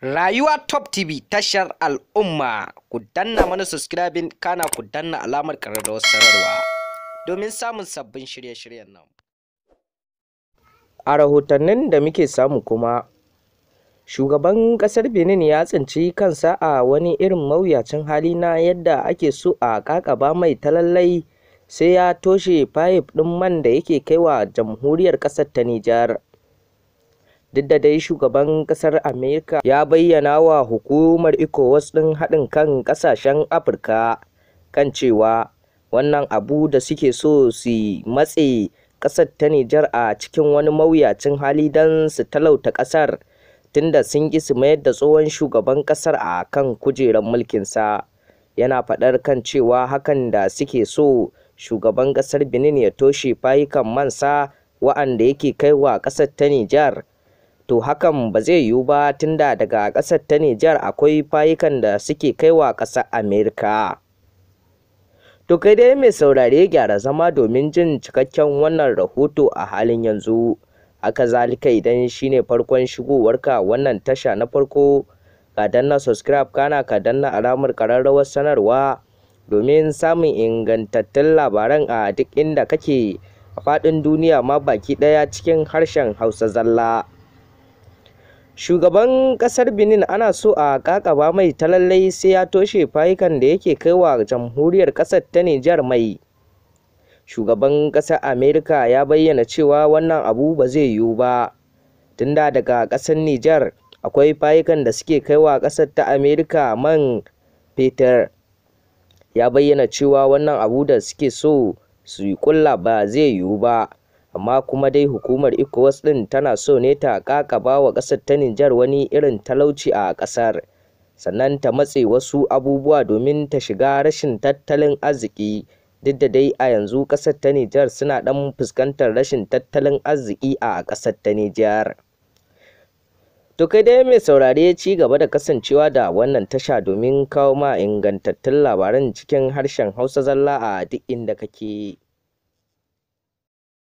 Rayuwa Top TV tashar al'umma ku danna mana subscribing kana ku danna alamar ƙararrawar sanarwa domin samun sabbin shirye-shiryen nan. A rahotannin da muke samu kuma, shugaban ƙasar Benin ya tsinci kansa a wani irin mawuyacin hali na yadda ake so a ƙaƙaba mai talallai sai ya toshe fayif ɗin man da yake kaiwa jamhuriyar ƙasar ta Nijar. duk da dai shugaban kasar amerika ya bayyana wa hukumar ecowas ɗin haɗin kan ƙasashen afirka kan cewa wannan abu da suke so su matse ƙasar ta nijar a cikin wani mawuyacin hali don su talauta ƙasar tunda sun ƙi su mayar da tsohon shugaban ƙasar a kan kujerar mulkinsa yana faɗar kan cewa hakan da suke so shugaban ƙasar benin ya toshe fayukan mansa wa'anda yake kaiwa ƙasar ta nijar to hakan ba zai yiwu ba tunda daga ƙasar ta Nijar akwai fayikan da suke kaiwa ƙasar Amerika. To kai dai mai saurare gyara zama domin jin cikakken wannan rahoto a halin yanzu. Haka zalika idan shine farkon shigowarka wannan tasha na farko ka danna subscribe kana ka danna alamar ƙararrawar sanarwa domin samun ingantattun labaran a duk inda kake a faɗin duniya ma baki ɗaya cikin harshen Hausa zalla. shugaban kasar benin ana so a kakaba mai talallai sai ya toshe fayukan da yake kaiwa jamhuriyar kasar ta nijar mai shugaban kasar amerika ya bayyana cewa wannan abu ba zai yiwu ba tunda daga kasar nijar akwai fayukan da suke kaiwa kasar ta amerika man fetur ya bayyana cewa wannan abu da suke so su yi kulla ba zai yiwu ba amma kuma dai hukumar ECOWAS ɗin tana so ne ta ƙaƙaba wa ƙasar ta Nijar wani irin talauci a ƙasar, sannan ta matse wasu abubuwa domin ta shiga rashin tattalin arziki, duk da dai a yanzu ƙasar ta Nijar suna ɗan fuskantar rashin tattalin arziki a ƙasar ta Nijar. To kai dai mai saurare ci gaba da kasancewa da wannan tasha domin kawo ma ingantattun labaran cikin harshen Hausa zalla a duk inda kake.